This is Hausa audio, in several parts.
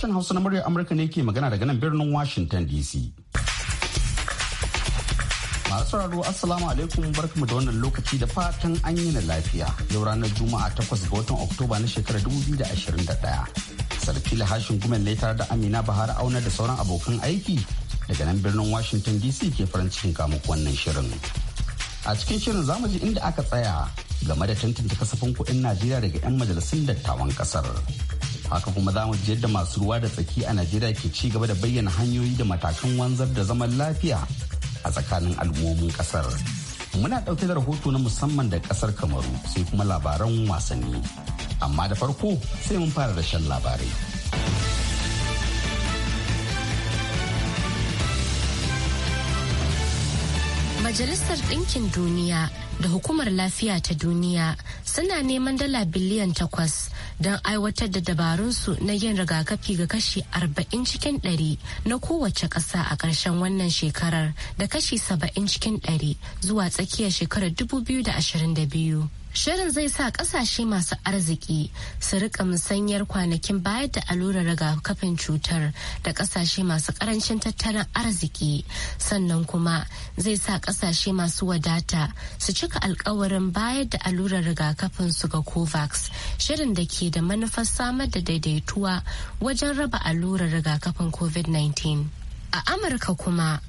Sashen Hausa na muryar Amurka ne ke magana daga nan birnin Washington DC. Masu sauraro Assalamu alaikum barkamu da wannan lokaci da fatan an yi na lafiya. Yau ranar Juma'a takwas ga watan Oktoba na shekarar Sarki Lahashin hashin gumen tare da Amina Bahar Auna da sauran abokan aiki daga nan birnin Washington DC ke farin cikin kamu wannan shirin. A cikin shirin zamu ji inda aka tsaya game da tantance kasafin kuɗin Najeriya daga 'yan majalisun dattawan ƙasar. haka kuma za mu ji yadda masu ruwa da tsaki a najeriya ke ci gaba da bayyana hanyoyi da matakan wanzar da zaman lafiya a tsakanin al'ummomin kasar muna ɗauke da rahoto na musamman da kasar kamaru sai kuma labaran wasanni amma da farko sai mun fara da shan labarai Majalisar Ɗinkin Duniya da Hukumar Lafiya ta Duniya suna neman dala biliyan takwas don aiwatar da dabarunsu na yin rigakafi ga kashi 40 cikin 100 na kowace ƙasa a ƙarshen wannan shekarar da kashi 70 cikin 100 zuwa tsakiyar shekarar 2022. Shirin zai sa kasashe masu arziki su rika musanyar kwanakin bayar da allurar rigakafin cutar da kasashe masu karancin tattalin arziki sannan kuma zai sa kasashe masu wadata su cika alkawarin bayar da allurar rigakafin su ga covax shirin da ke da manufar samar da daidaituwa wajen raba allurar rigakafin covid-19 a amurka kuma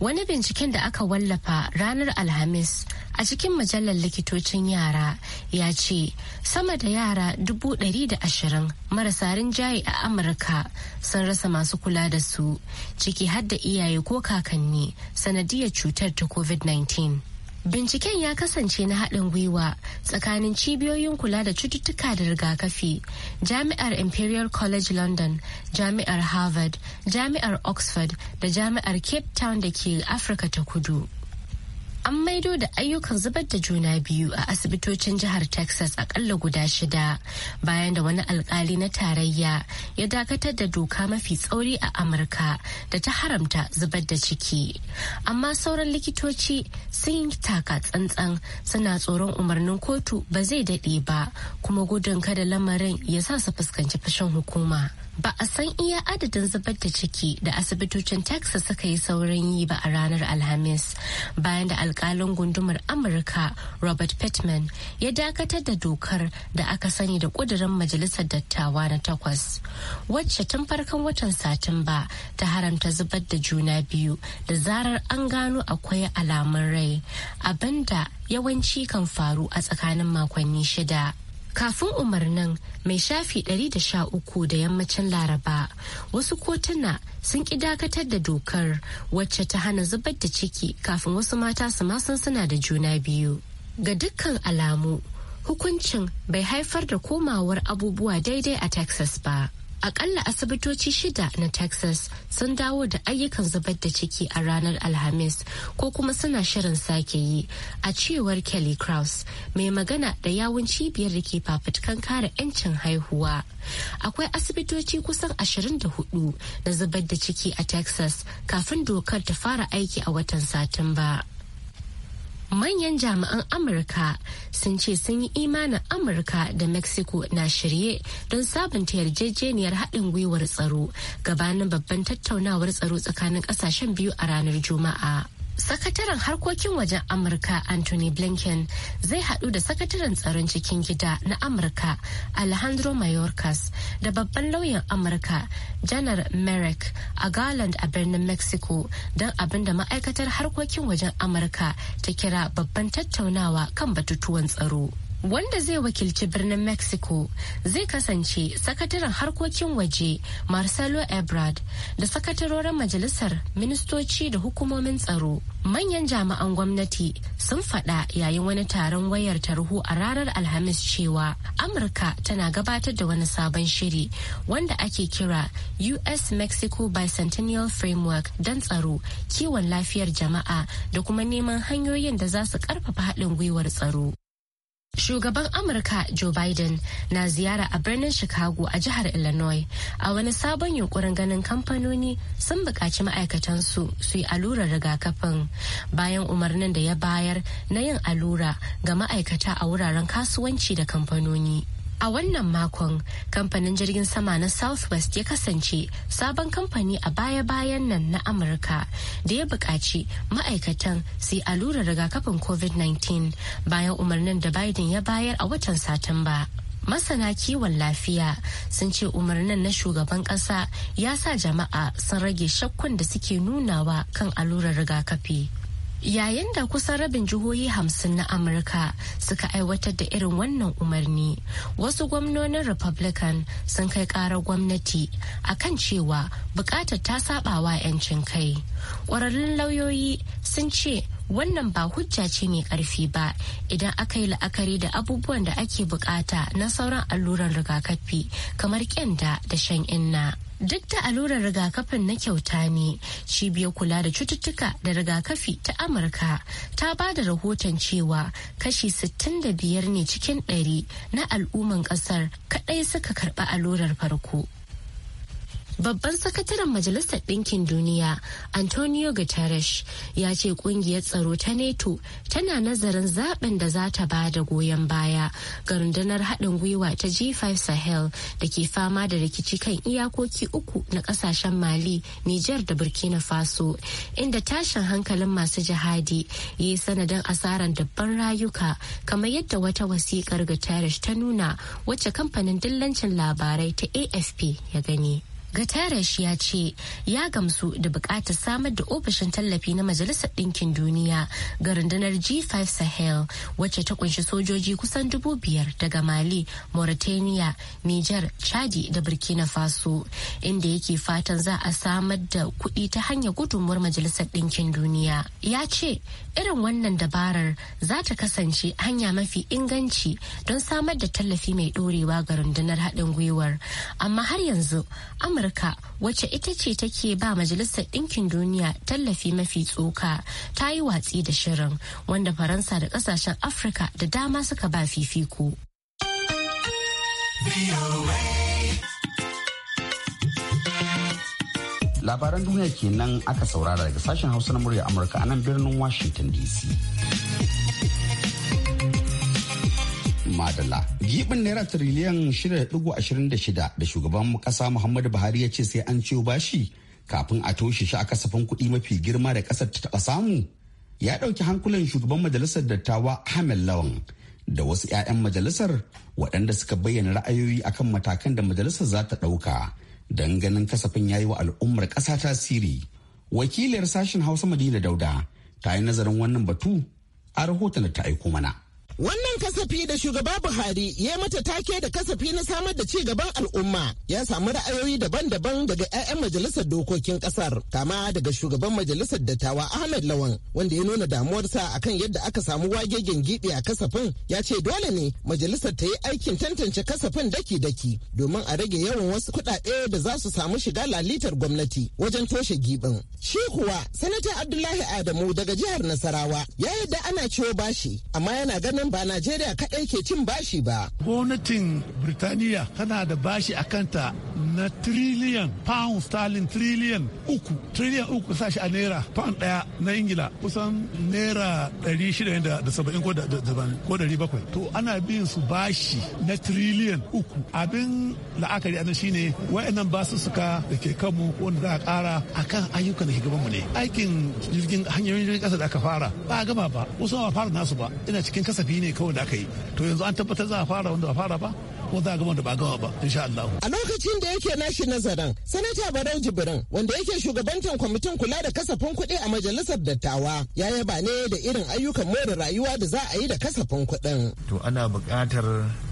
Wani binciken da aka wallafa ranar Alhamis a cikin mujallar likitocin yara ya ce sama da yara dubu ɗari da ashirin marasa rinjaye a Amurka sun rasa masu kula da su ciki har iyaye ko kakanni sanadiyar cutar ta COVID-19. Binciken ya kasance na haɗin gwiwa tsakanin cibiyoyin kula da cututtuka da rigakafi, Jami'ar Imperial College London, Jami'ar Harvard, Jami'ar Oxford da Jami'ar Cape Town da ke Afirka ta Kudu. an maido da ayyukan zubar da juna biyu a asibitocin jihar texas akalla guda shida bayan da wani alkali na tarayya ya dakatar da doka mafi tsauri a amurka da ta haramta zubar da ciki amma sauran likitoci sun yi taka tsantsan suna tsoron umarnin kotu ba zai daɗe ba kuma gudun kada lamarin ya sa su fuskanci fashin hukuma. ba a san iya adadin zubar da ciki da asibitocin texas suka yi saurin yi ba a ranar alhamis bayan da alkalin gundumar amurka robert pittman ya dakatar da dokar da aka sani da kudurin majalisar dattawa na takwas wacce tun farkon watan satumba ta haramta zubar da juna biyu da zarar an gano akwai alamun rai abinda yawanci kan faru a tsakanin makonni shida kafin umarnin mai shafi 113 da yammacin laraba wasu kotuna sun ƙi dakatar da dokar wacce ta hana zubar da ciki kafin wasu mata su masan suna da juna biyu ga dukkan alamu hukuncin bai haifar da komawar abubuwa daidai a texas ba akalla asibitoci shida na texas sun dawo da ayyukan zubar da ciki a ranar alhamis ko kuma suna shirin sake yi a cewar kelly kraus mai magana da yawun cibiyar da ke fafutukan kare 'yancin haihuwa akwai asibitoci kusan 24 na zubar da ciki a texas kafin dokar ta fara aiki a watan satumba. manyan jami'an amurka sun ce sun yi imanin amurka da mexico na shirye don sabunta yarjejeniyar haɗin gwiwar tsaro gabanin babban tattaunawar tsaro tsakanin ƙasashen biyu a ranar juma'a sakataren harkokin wajen amurka anthony blinken zai haɗu da sakataren tsaron cikin gida na amurka alejandro mayorkas da babban lauyan amurka janar merrick a garland a birnin mexico don abin da ma'aikatar harkokin wajen amurka ta kira babban tattaunawa kan batutuwan tsaro wanda zai wakilci birnin mexico zai kasance sakataren harkokin waje marcelo ebrard da sakatarorin majalisar ministoci da hukumomin tsaro manyan jami'an gwamnati sun faɗa yayin wani taron wayar tarho a ranar alhamis cewa amurka tana gabatar da wani sabon shiri wanda ake kira us mexico bicentennial framework don tsaro kiwon lafiyar jama'a da kuma neman hanyoyin da za su karfafa haɗin gwiwar tsaro Shugaban Amurka Joe Biden na ziyara a birnin Chicago a jihar Illinois a wani sabon yunkurin ganin kamfanoni sun buƙaci ma'aikatansu su yi allurar rigakafin bayan umarnin da ya bayar na yin allura ga ma'aikata a wuraren kasuwanci da kamfanoni. A wannan makon, kamfanin jirgin sama na Southwest ya kasance sabon kamfani a baya-bayan nan na Amurka da ya buƙaci ma'aikatan su yi allurar rigakafin COVID-19 bayan umarnin da Biden ya bayar a watan Satumba. masana kiwon lafiya sun ce umarnin na shugaban ƙasa ya sa jama'a sun rage shakkun da suke nunawa kan allurar rigakafi Yayin da kusan rabin jihohi hamsin na Amurka suka aiwatar da irin wannan umarni, wasu gwamnonin Republican sun kai karar gwamnati a kan cewa bukatar ta sabawa 'yancin kai. Ƙwararrun lauyoyi sun ce wannan ba hujja ce mai karfi ba idan aka yi la'akari da abubuwan da ake bukata na sauran alluran rigakafi kamar kyanda da shan inna. Duk da allurar rigakafin na kyauta ne, cibiyar kula da cututtuka da rigakafi ta Amurka ta ba da rahoton cewa kashi 65 ne cikin 100 na al'umman kasar kadai suka karɓi allurar farko. Babban sakataren Majalisar Ɗinkin Duniya, Antonio Guterres, ya ce ƙungiyar tsaro ta NATO tana nazarin zaben da za ta ba da goyon baya ga rundunar haɗin gwiwa ta G5 Sahel da ke fama da rikici kan iyakoki uku na ƙasashen Mali, Nijar da Burkina Faso, inda tashin hankalin masu jihadi ya yi sanadin asarar dabban rayuka kamar yadda wata wasiƙar Guterres ta nuna wacce kamfanin dillancin labarai ta AFP ya gani. Guterres ya ce ya gamsu da bukatar samar da ofishin tallafi na Majalisar Dinkin Duniya ga rundunar G5 Sahel wacce ta kunshi sojoji kusan dubu biyar daga Mali, Mauritania, Niger Chadi da Burkina Faso inda yake fatan za a samar da kuɗi ta hanyar gudunmuwar Majalisar Dinkin Duniya. Ya ce irin wannan dabarar za ta kasance hanya mafi inganci don samar da tallafi mai ɗorewa ga rundunar haɗin gwiwar. Amma har yanzu amurka wacce ita ce take ba majalisar ɗinkin duniya tallafi mafi tsoka ta yi watsi da shirin wanda faransa da ƙasashen afirka da dama suka ba fifiko labaran duniya kenan aka saurara daga sashen hausa na murya amurka a nan birnin washington dc madala gibin naira tiriliyan 6.26 da shugaban kasa muhammadu buhari ya ce sai an ciyo bashi kafin a toshe shi a kasafin kuɗi mafi girma da ƙasar ta taɓa samu ya ɗauki hankulan shugaban majalisar dattawa ahmed lawan da wasu 'ya'yan majalisar waɗanda suka bayyana ra'ayoyi akan matakan da majalisar za ta ɗauka don ganin kasafin ya yi wa al'ummar ƙasa tasiri wakiliyar sashen hausa madina dauda ta yi nazarin wannan batu a rahoton da ta aiko mana. Wannan kasafi da shugaba Buhari ya mata take da kasafi na samar da ci gaban al'umma ya samu ra'ayoyi daban-daban daga 'ya'yan majalisar dokokin kasar kama daga shugaban majalisar dattawa Ahmed Lawan wanda ya nuna damuwarsa akan yadda aka samu wagegen gibi a kasafin ya ce dole ne majalisar ta yi aikin tantance kasafin daki-daki domin a rage yawan wasu kuɗaɗe da za su samu shiga lalitar gwamnati wajen toshe gibin. Shi kuwa sanata Abdullahi Adamu daga jihar Nasarawa ya yadda ana ciwo bashi amma yana ganin ba Najeriya kaɗai ke cin bashi ba. Gwamnatin Birtaniya tana da bashi a kanta na triliyan pound sterling triliyan uku triliyan uku sashi a naira pound ɗaya na ingila kusan naira shida da saba'in ko da bakwai to ana bin su bashi na triliyan uku abin la'akari anan shine wayannan basu suka da ke kanmu wanda za a kara akan ayyukan da ke gabanmu ne aikin jirgin hanyoyin jirgin kasa da aka fara ba a gama ba wasu ba fara nasu ba ina cikin kasafi ne kawai da aka yi to yanzu an tabbatar za a fara wanda ba fara ba ko za a gama da ba gama ba insha Allah. A lokacin da yake nashi nazarin sanata Barau Jibrin wanda yake shugabantan kwamitin kula da kasafin kuɗi a majalisar dattawa ya yaba ne da irin ayyukan more rayuwa da za a yi da kasafin kuɗin. To ana buƙatar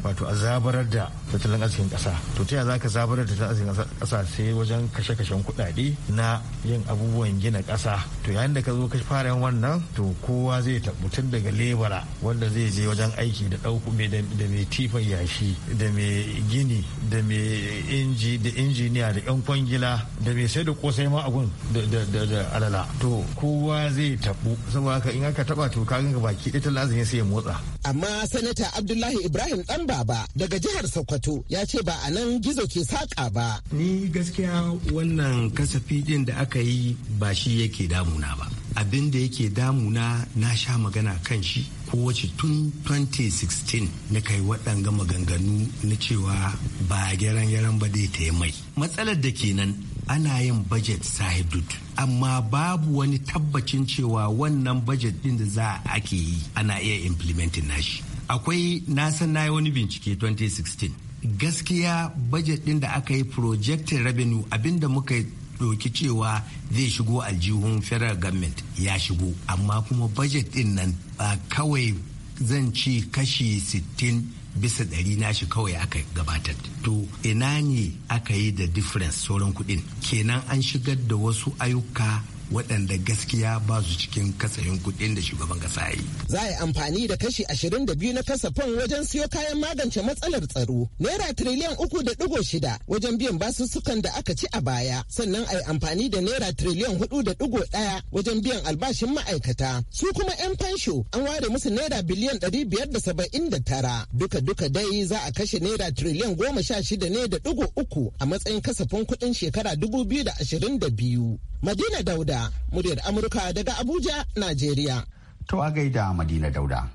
wato a zabarar da tattalin arzikin ƙasa. To ta za ka zabarar da tattalin arzikin ƙasa sai wajen kashe-kashen kuɗaɗe na yin abubuwan gina ƙasa. To yayin da ka zo ka fara yin wannan to kowa zai tabbutun daga lebara wanda zai je wajen aiki da ɗauku da mai tifan yashi da mai gini da mai inji da injiniya da yan kwangila da mai sai da kosai ma abun da alala to kowa zai tabu saboda haka in aka taba to ka ga baki ita talazin sai ya motsa amma sanata abdullahi ibrahim dan baba daga jihar sokoto ya ce ba a nan gizo ke saka ba ni gaskiya wannan kasafi din da aka yi ba shi yake damuna ba abin da yake damuna na sha magana kan shi kowace tun 2016 na kai waɗanga maganganu na cewa ba gyaran gyaran ba dai ta mai matsalar da kenan ana yin budget sahibdud amma babu wani tabbacin cewa wannan budget din da za a ake yi ana iya implementing nashi akwai na san na yi wani bincike 2016 gaskiya budget din da aka yi projected revenue abinda muka ɗauki cewa zai shigo aljihun federal government ya shigo amma kuma budget din nan ba kawai zan ci kashi 60 bisa ɗari nashi kawai aka gabatar to ina ne aka yi da difference sauran kuɗin kenan an shigar da wasu ayyuka waɗanda gaskiya ba su cikin kasayin kuɗin da shugaban kasa yi. Za a yi amfani da kashi ashirin da biyu na kasafin wajen siyo kayan magance matsalar tsaro naira tiriliyan uku da ɗigo shida wajen biyan basussukan da aka ci a baya sannan a yi amfani da naira tiriliyan hudu da ɗigo ɗaya wajen biyan albashin ma'aikata su kuma 'yan fansho an ware musu naira biliyan ɗari biyar da saba'in da tara duka duka dai za a kashe naira tiriliyan goma sha shida ne da ɗigo uku a matsayin kasafin kuɗin shekara dubu biyu da ashirin da biyu. Madina Dauda Dauda, muryar Amurka daga Abuja, Najeriya. To a gaida Madina Dauda.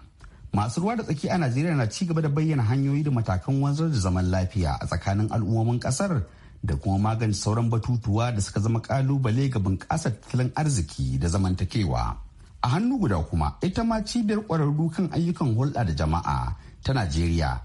Masu ruwa da tsaki a Najeriya na ci gaba da bayyana hanyoyi da matakan wanzar da zaman lafiya a tsakanin al'ummomin kasar da kuma magance sauran batutuwa da suka zama kalubale ga bunƙasar tattalin arziki da zamantakewa. A hannu guda kuma ita ma cibiyar ƙwararru kan ayyukan hulɗa da jama'a ta Najeriya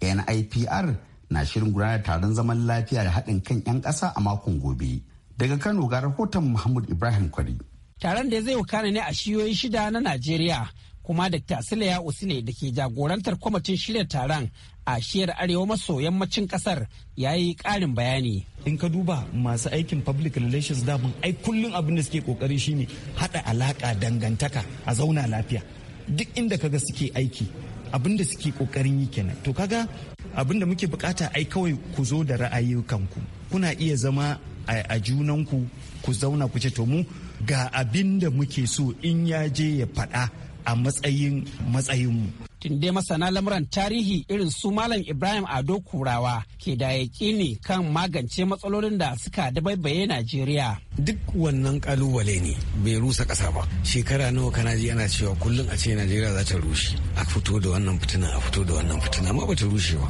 NIPR na shirin gudanar taron zaman lafiya da haɗin kan 'yan ƙasa a makon gobe Daga Kano ga rahoton Muhammad Ibrahim Kwari. Taron da zai wakana ne a shiyoyi shida na Najeriya kuma Dr. usi ne da ke jagorantar kwamitin shirya taron a shiyar arewa maso yammacin kasar ya yi karin bayani. In ka duba masu aikin public relations daman ai kullum abin da suke kokari shine hada alaka dangantaka a zauna lafiya. Duk inda kaga suke aiki abin da suke kokarin yi kenan. To kaga abin da muke bukata ai kawai ku zo da ra'ayi kanku Kuna iya zama a junanku ku zauna ku ce to mu ga abin da muke so in ya je ya faɗa a matsayin matsayinmu tun dai masana lamuran tarihi irin su Malam Ibrahim Ado Kurawa ke da ne kan magance matsalolin da suka dabaibaye Najeriya. Duk wannan kalubale ne bai rusa ƙasa ba. Shekara nawa kana ji ana cewa kullum a ce Najeriya za ta rushe. A fito da wannan fitina a fito da wannan fitina amma bata rushe ba.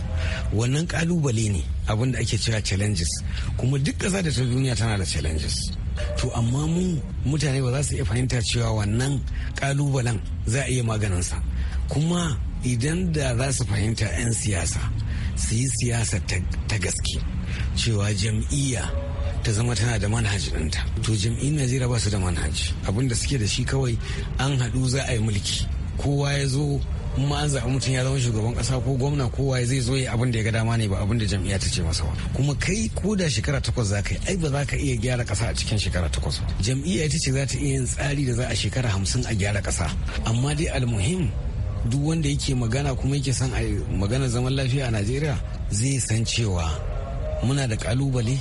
Wannan kalubale ne abin da ake cewa challenges kuma duk ƙasa da ta duniya tana da challenges. to amma mu mutane ba za su iya fahimta cewa wannan kalubalen za a iya maganinsa kuma idan da za su fahimta 'yan siyasa su yi siyasa ta gaske cewa jam'iyya ta zama tana da manhaji ɗinta to jam'iyyar najeriya ba su da manhaji abinda suke da shi kawai an haɗu za a yi mulki kowa ya zo ma an zaɓi mutum ya zama shugaban ƙasa ko gwamna kowa zai zo ya abin da ya ga dama ne ba abin da jam'iyya ta ce masa ba kuma kai ko da shekara takwas za ka yi ai ba za ka iya gyara ƙasa a cikin shekara takwas ba jam'iyya ita ce za ta iya yin tsari da za a shekara hamsin a gyara ƙasa amma dai almuhim duk wanda yake magana kuma yake son a magana zaman lafiya a najeriya zai san cewa muna da kalubale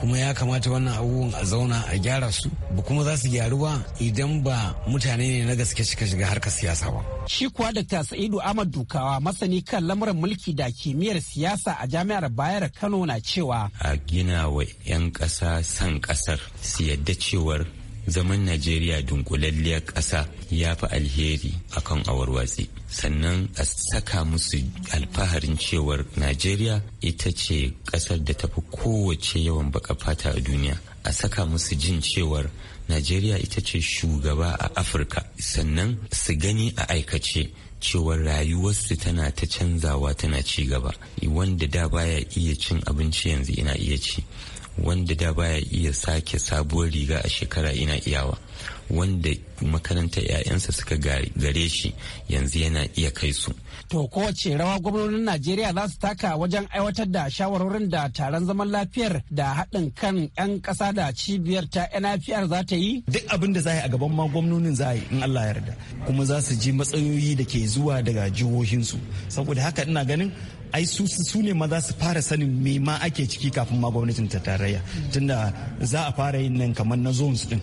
kuma ya kamata wannan abubuwan a zauna a gyara su ba kuma za su gyaru ba idan ba mutane ne na gaske suka shiga harkar siyasa ba. Shi kuwa Dr. Sa'idu Ahmad Dukawa masani kan lamuran mulki da kimiyyar siyasa a jami'ar Bayar Kano na cewa. A gina wa 'yan ƙasa san ƙasar su yadda cewar zaman najeriya dunkulalliyar ƙasa ya fi alheri kan awarwatsi sannan a saka musu alfaharin cewar najeriya ita ce ƙasar da tafi kowace yawan baka fata a duniya a saka musu jin cewar najeriya ita ce shugaba a afirka sannan su gani a aikace cewar rayuwarsu tana ta canzawa tana ci gaba wanda da baya iya cin abinci yanzu ina iya ci wanda da baya iya sake sabuwar riga a shekara ina iyawa wanda makarantar 'ya'yansa suka gare shi yanzu yana iya kai su. To kowace rawa gwamnonin Najeriya za su taka wajen aiwatar da shawarorin da taron zaman lafiyar da haɗin kan 'yan ƙasa da cibiyar ta NFR za ta yi? Duk abin da za a gaban ma gwamnonin za yi in Allah yarda kuma za su ji matsayoyi da ke zuwa daga jihohinsu. Saboda haka ina ganin ai su su ne maza su fara sanin me ma ake ciki kafin ma gwamnatin ta tarayya tunda za a fara yin nan kamar na zones din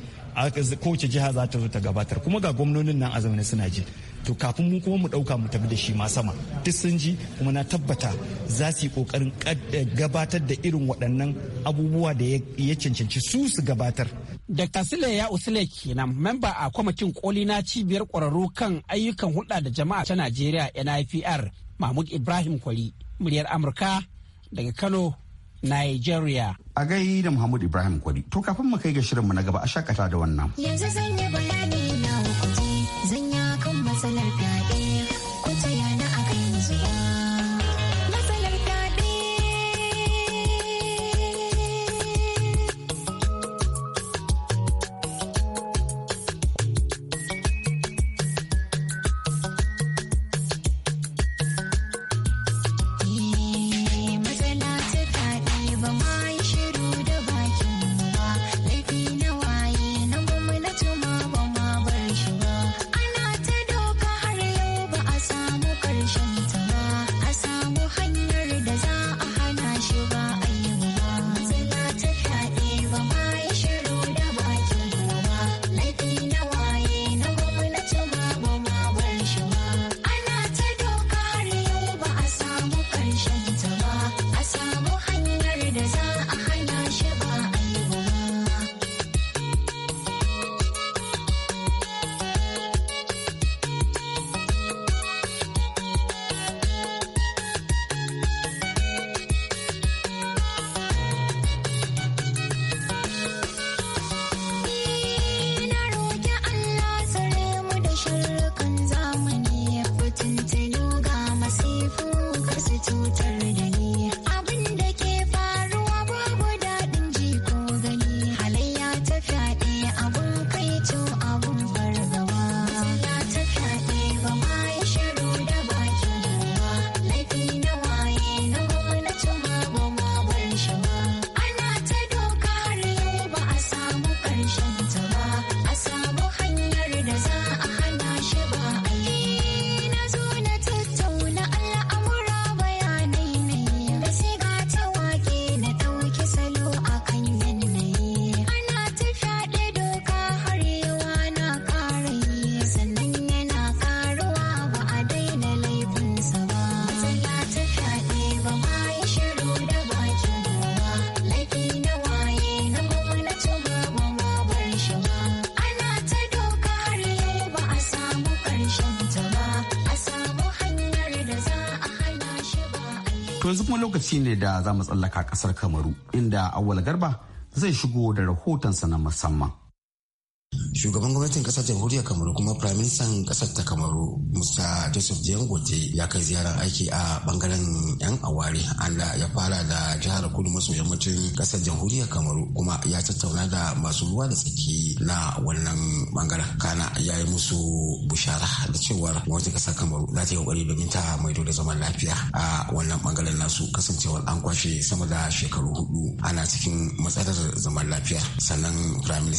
kowace jiha za ta zo ta gabatar kuma ga gwamnonin nan azumi suna ji to kafin mu kuma mu dauka mu tafi da shi ma sama duk sun ji kuma na tabbata za su yi kokarin eh, gabatar da irin waɗannan abubuwa da ya cancanci su su gabatar Dr. Sule ya usule kenan memba a kwamitin koli na cibiyar kwararru kan ayyukan hulɗa da jama'a ta Najeriya NIPR mahmud ibrahim kwari muryar amurka daga kano nigeria a gai da mahmud ibrahim kwari to kafin mu kai ga shirinmu na gaba a shakata da wannan yanzu zan yi bayani lokaci ne da za mu tsallaka kasar kamaru inda awwal garba zai shigo da rahotonsa na musamman shugaban gwamnatin kasar jamhuriyar kamaru kuma firaministan minister kasar ta kamaru musa joseph jengote ya kai ziyarar aiki a bangaren yan aware allah ya fara da jihar kudu maso yammacin kasar jamhuriyar kamaru kuma ya tattauna da masu ruwa da tsaki na wannan bangaren kana ya yi musu bushara da cewar gwamnatin kasar kamaru za ta yi kokari domin ta maido da zaman lafiya a wannan bangaren nasu kasancewar an kwashe sama da shekaru hudu ana cikin matsalar zaman lafiya sannan prime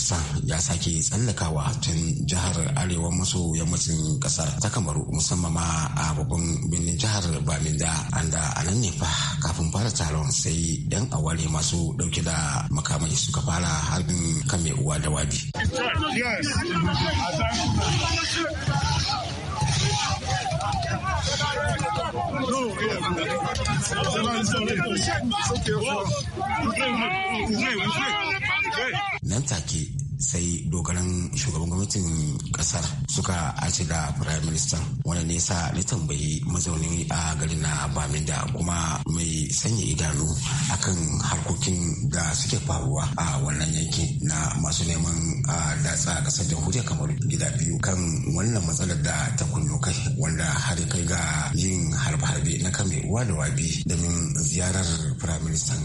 ya sake tsallaka takawa tun jihar arewa maso yammacin kasar ta kamaru musamman ma a babban birnin jihar baminda anda a nan ne fa kafin fara taron sai yan aware masu dauke da makamai suka fara harbin kame uwa da wabi Nan take sai dogaran shugaban gwamnatin kasar suka ace da prime minister wanda ne sa na tambayi mazaunin a garin na baminda kuma mai sanya idanu akan harkokin da suke faruwa a wannan yanki na masu neman a datsa kasar jamhuriyar kamar gida biyu kan wannan matsalar da ta kunno kai wanda har kai ga yin harbe-harbe na kame uwa da wabi domin ziyarar prime minister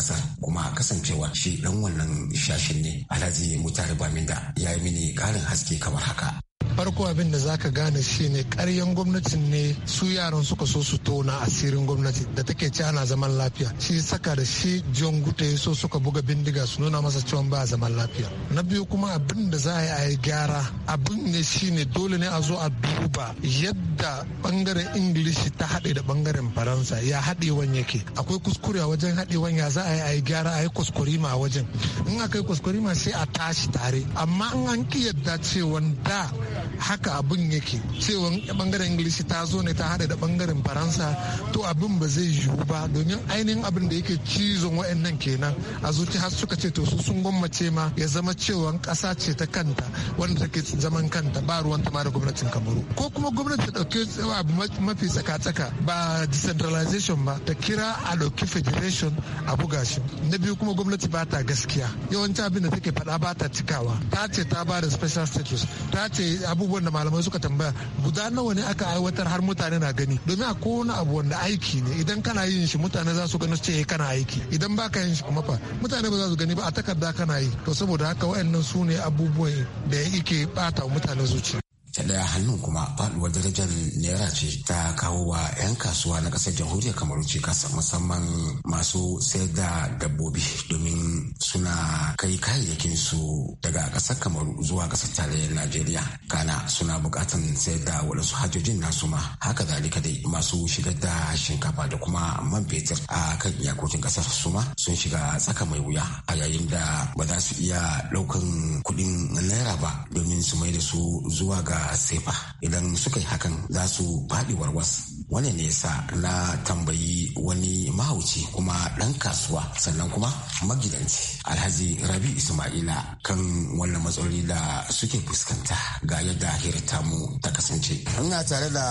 kasa kuma kasancewa shi dan wannan shashin ne alhaji mutare baminda ya yi mini karin haske kamar haka farko abin da zaka gane shine karyan gwamnatin ne su yaran suka so su tona asirin gwamnati da take ci ana zaman lafiya shi saka da shi john gute so suka buga bindiga su nuna masa cewa ba zaman lafiya na biyu kuma abin da za a yi a yi gyara abin ne shine dole ne a zo a duba yadda bangaren ingilishi ta haɗe da bangaren faransa ya haɗewan yake akwai kuskure a wajen haɗewan ya za a yi a yi gyara a yi kuskurima a wajen in aka yi kuskurima sai a tashi tare amma an ki yadda cewa da haka abin yake cewa bangaren ingilishi ta zo ne ta hada da bangaren faransa to abin ba zai yiwu ba domin ainihin abin da yake cizon wa'annan kenan a zuci har suka ce to su sun gwammace ma ya zama cewa ƙasa ce ta kanta wanda take zaman kanta ba ruwan ta ma da gwamnatin kamaru ko kuma gwamnati ta tsawa abu mafi tsaka-tsaka ba decentralization ba ta kira a ɗauki federation a buga shi na biyu kuma gwamnati ba ta gaskiya yawanci abin da take faɗa ba ta cikawa ta ce ta ba da special status ta ce abubuwan da malamai suka tambaya guda nawa ne aka aiwatar har mutane na gani domin a kowane abu wanda aiki ne idan kana yin shi mutane za su gani su ce eh, kana aiki idan ba ka yin shi kuma fa mutane ba za su gani ba a takarda kana yi to saboda haka wayannan su ne abubuwan da yake bata mutane zuci ta daya hannun kuma faduwar darajar naira ce ta kawo wa 'yan kasuwa na kasar jamhuriyar kamaru ce kasa musamman masu sayar da dabbobi domin suna kai kayayyakin su daga kasar kamaru zuwa kasar tarayyar najeriya kana suna bukatan sayar da waɗansu hajjojin nasu ma haka zalika dai masu shigar da shinkafa da kuma man fetur a kan iyakokin kasar su ma sun shiga tsaka mai wuya a yayin da ba za su iya ɗaukan kuɗin naira ba domin su mai da su zuwa ga sefa idan suka yi hakan za su faɗi warwas wani ne yasa na tambayi wani mahauci kuma ɗan kasuwa sannan kuma magidanci alhaji rabi ismaila kan wannan matsaloli da suke fuskanta ga yadda hirta mu ta kasance ina tare da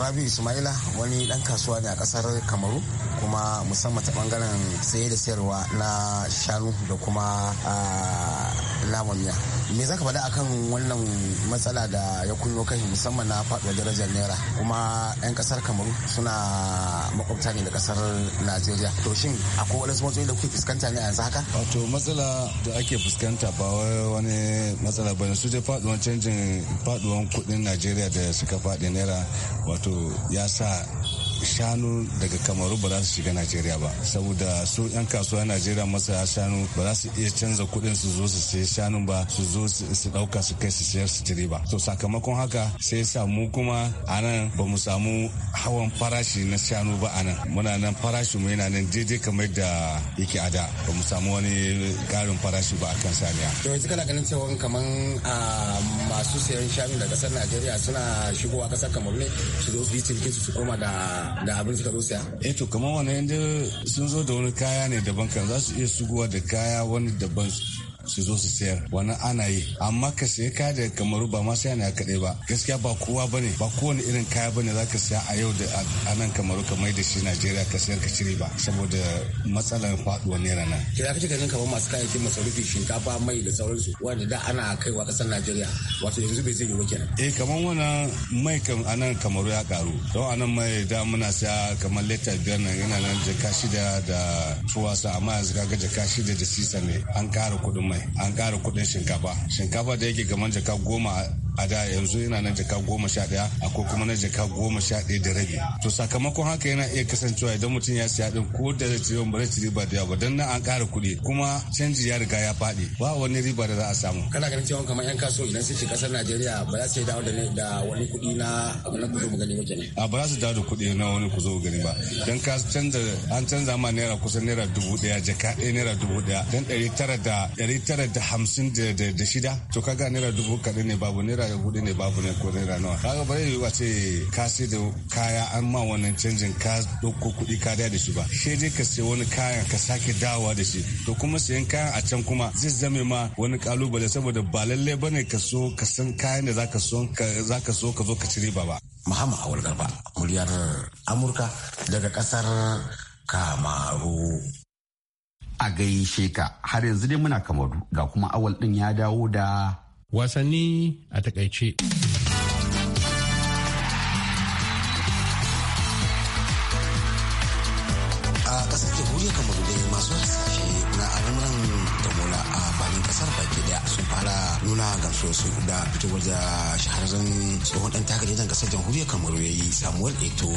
rabi ismaila wani ɗan kasuwa ne a ƙasar kamaru kuma musamman ta ɓangaren saye da sayarwa na shanu da kuma naman me zaka faɗa akan wannan matsala da ya kunyo kai musamman na faɗuwar darajar naira kuma 'yan ƙasa kasar kamaru suna makwabta ne da kasar najeriya to shin akwai wani matsaloli da kuke fuskanta ne yanzu haka wato matsala da ake fuskanta ba wani matsala bane su dai faduwan canjin faduwan kudin najeriya da suka faɗi naira wato ya sa shanu daga kamaru ba za su shiga najeriya ba saboda su yan kasuwa najeriya masaya shanu ba za su iya canza kuɗin su zo su sayi shanu ba su zo su ɗauka su kai su sayar su ba to sakamakon haka sai sa mu kuma a ba mu samu hawan farashi na shanu ba a muna nan farashi mu yana nan daidai kamar da yake a da ba mu samu wani karin farashi ba akan saniya. to yanzu kana ganin cewa kamar masu sayan shanu da ƙasar najeriya suna shigowa ƙasar kamar ne su zo su yi cinikin su koma da da abin suka zo siya eh to kamar wannan inda sun zo da wani kaya ne daban kan za su iya shigowa da kaya wani daban su zo su sayar wannan ana yi amma ka sayi kaya da kamaru ba ma sai ana kaɗai ba gaskiya ba kowa ba ne ba kowane irin kaya ba ne za ka saya a yau da a nan kamaru ka mai da shi najeriya ka sayar ka cire ba saboda matsalar faɗuwar naira nan. ya kace ganin kamar masu kayayyakin masarufi shinkafa mai da sauransu wanda da ana kaiwa ƙasar najeriya wato yanzu bai zai yi ba kenan. eh kamar wannan mai a nan kamaru ya karu don a nan mai da muna saya kamar leta biyar nan yana nan jaka shida da tuwasa amma yanzu ga jaka shida da sisa ne an ƙara kuɗin mai an kara kuɗin shinkafa shinkafa da yake kamar jaka goma a da yanzu yana na jaka goma sha daya akwai kuma na jaka goma sha daya da rabi to sakamakon haka yana iya kasancewa idan mutum ya siya din ko da zai cire ba zai riba da yawa don nan an kara kuɗi kuma canji ya riga ya faɗi ba wani riba da za a samu. kana ganin cewa kamar yan kaso idan ci kasar najeriya ba za su yi dawo da wani kuɗi na na kuzo gani ba kenan. a ba za su dawo da kuɗi na wani kuzo gani ba dan ka canza an canza ma naira kusan naira dubu ɗaya jaka ɗaya naira dubu ɗaya dan ɗari tara da ɗari tara da hamsin da shida to kaga naira dubu kaɗai ne babu naira naira hudu ne babu ne kudin ranuwa kaga ba yi wace ka sai da kaya an ma wannan canjin ka dauko kudi ka da shi ba sai dai ka sai wani kayan ka sake dawowa da shi to kuma sayan kayan a can kuma zai zame ma wani kalubale saboda ba lallai bane ka so ka san kayan da zaka so ka so ka zo ka cire ba ba Muhammad Awul Garba muryar Amurka daga kasar Kamaru a gaishe ka har yanzu dai muna kamaru ga kuma awal din ya dawo da wasanni a takaice. muna su da fitowar da tsohon dan takarar kasar jamhuriyar kamaru ya yi samuwar eto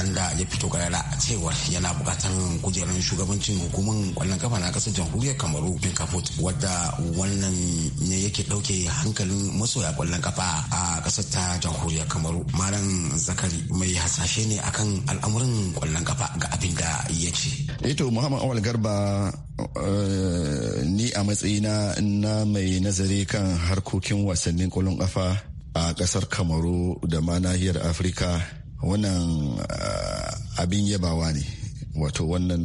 an da ya fito karara a cewar yana bukatar kujerar shugabancin hukumar kwallon kafa na kasar jamhuriyar kamaru bin kafot wadda wannan ne yake dauke hankalin masoya kwallon kafa a kasar ta jamhuriyar kamaru malam zakari mai hasashe ne akan al'amuran kwallon kafa ga abin da ya ce eto muhammad awal garba eh, ni a matsayina na mai nazari kan kan harkokin wasannin kwallon kafa a kasar kamaru da ma nahiyar afirka wannan ah, abin yabawa ne wato wannan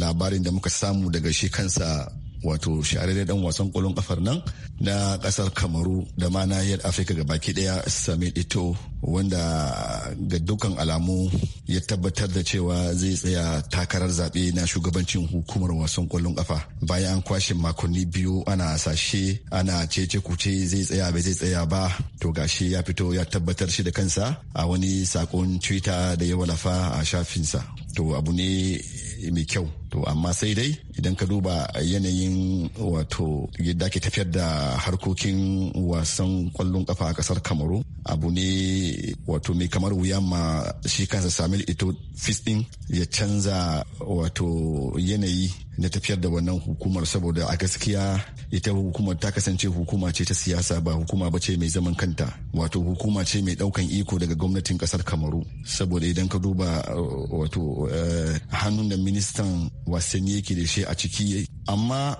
labarin da muka samu daga shi kansa wato shahararren dan wasan kwallon kafar nan na kasar kamaru da ma nahiyar afirka baki daya sami ito wanda ga dukkan alamu ya tabbatar da cewa zai tsaya takarar zaɓe na shugabancin hukumar wasan kwallon kafa bayan an kwashe makonni biyu ana sashe ana cece kuce zai tsaya bai zai tsaya ba to gashi ya fito ya tabbatar shi da kansa a wani sakon twitter da ya walafa a shafinsa to abu ne mai kyau to amma sai dai idan ka duba yanayin wato yadda ke tafiyar da harkokin wasan kwallon kafa a kasar kamaru abu ne wato mai kamar wuya ma shi kansa samil ito fis ya canza wato yanayi da tafiyar da wannan hukumar saboda a gaskiya ita hukumar ta kasance hukuma ce ta siyasa ba hukuma ba ce mai zaman kanta wato hukuma ce mai daukan iko daga gwamnatin kasar kamaru saboda idan ka duba uh, wato uh, hannun da ministan wasanni yake da shi a ciki amma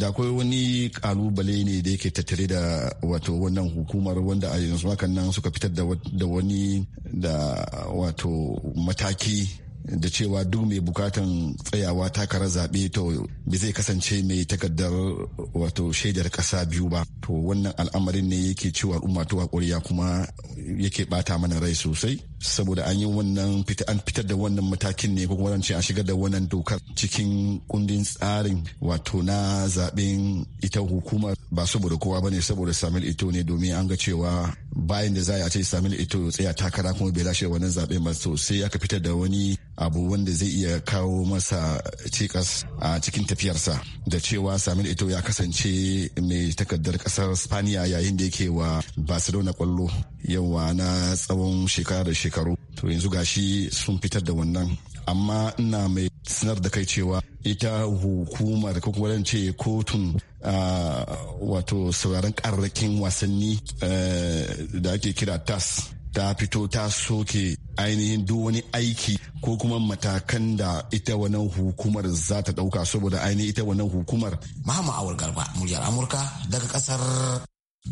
da akwai wani kalubale ne da yake tattare da wato wannan hukumar wanda a yanzu hakan nan suka fitar da wani da wato mataki da cewa duk mai bukatan tsayawa takarar zaɓe to bai zai kasance mai takardar wato shaidar ƙasa biyu ba to wannan al'amarin ne yake cewa al'umma to kuma yake bata mana rai sosai saboda an yi wannan an fitar da wannan matakin ne ko kuma ce a shigar da wannan dokar cikin kundin tsarin wato na zaben ita hukumar ba saboda kowa bane saboda Samuel Ito ne domin an ga cewa bayan da za a ce Samuel Ito tsaya takara kuma bai lashe wannan zaben ba so sai aka fitar da wani abu wanda zai iya kawo masa cikas a cikin tafiyarsa da cewa Samuel Ito ya kasance mai takardar kasar Spaniya yayin da yake wa Barcelona kwallo yawa na tsawon shekara da shekaru to yanzu gashi sun fitar da wannan amma ina mai sanar da kai cewa ita hukumar ko kuma ce kotun wato sauraron karrakin wasanni da ake kira tas ta fito ta soke ainihin duk wani aiki ko kuma matakan da ita wannan hukumar za ta dauka saboda ainihin ita wannan hukumar. Mahama Awul Garba, muryar Amurka daga kasar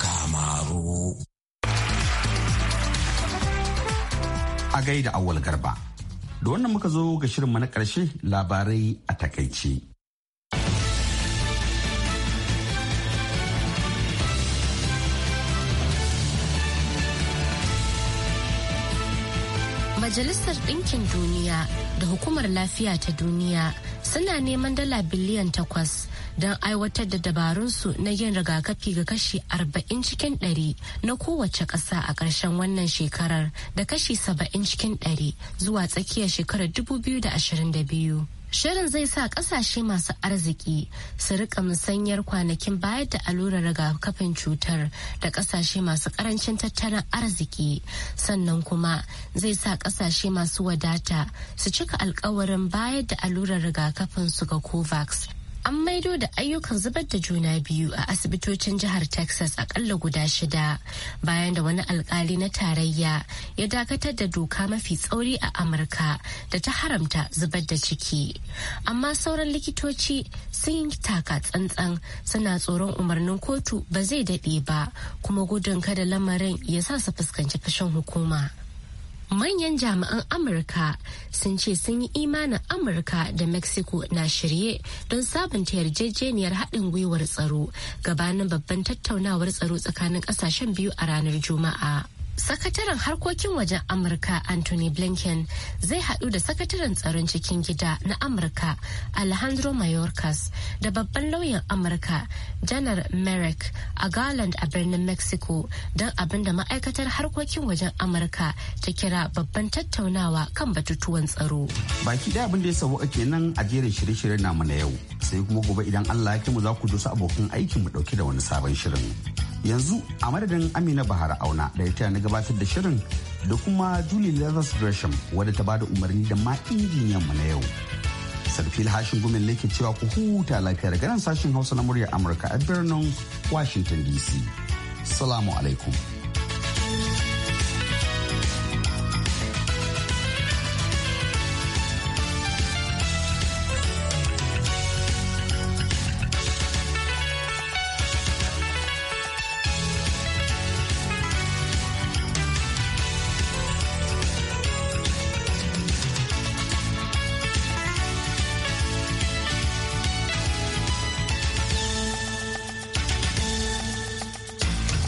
Kamaru. a da awal garba. Da wannan muka zo ga shirinmu na ƙarshe labarai a takaice. Majalisar Ɗinkin Duniya da Hukumar Lafiya ta Duniya suna neman dala biliyan takwas don aiwatar da dabarunsu na yin rigakafi ga kashi 40 cikin 100 na kowace ƙasa a ƙarshen wannan shekarar da kashi 70 cikin 100 zuwa tsakiyar shekarar 2022. Shirin zai sa kasashe masu arziki su rika musanyar kwanakin bayar da allurar rigakafin cutar da kasashe masu karancin tattalin arziki sannan kuma zai sa kasashe masu wadata su cika alkawarin bayar da allurar rigakafin su ga covax an maido da ayyukan zubar da juna biyu a asibitocin jihar texas akalla guda shida bayan da wani alkali na tarayya ya dakatar da doka mafi tsauri a amurka da ta haramta zubar da ciki amma sauran likitoci sun yi taka tsantsan suna tsoron umarnin kotu ba zai daɗe ba kuma gudun kada lamarin ya sa su fuskanci kashin hukuma manyan jami'an amurka sun ce sun yi imanin amurka da mexico na shirye don sabunta yarjejeniyar haɗin gwiwar tsaro gabanin babban tattaunawar tsaro tsakanin ƙasashen biyu a ranar juma'a Sakataren harkokin wajen Amurka Anthony Blinken zai haɗu da sakataren tsaron cikin gida na Amurka Alejandro Mayorkas da babban lauyan Amurka Janar Merrick a Garland a birnin Mexico don abin da ma'aikatar harkokin wajen Amurka ta kira babban tattaunawa kan batutuwan tsaro. Baki ɗaya abin da ya ake nan a jerin shirye-shiryen namu na yau sai kuma gobe idan Allah ya mu za ku ji su abokan aikin mu ɗauke da wani sabon shirin. yanzu a madadin amina bahar auna da ya na gabatar da shirin da kuma julie leathers gresham wadda ta bada umarni da ma mu na yau sarfil hashin gumin lake cewa ku huta lafiyar ganin sashen hausa na muryar amurka a birnin washington dc salamu alaikum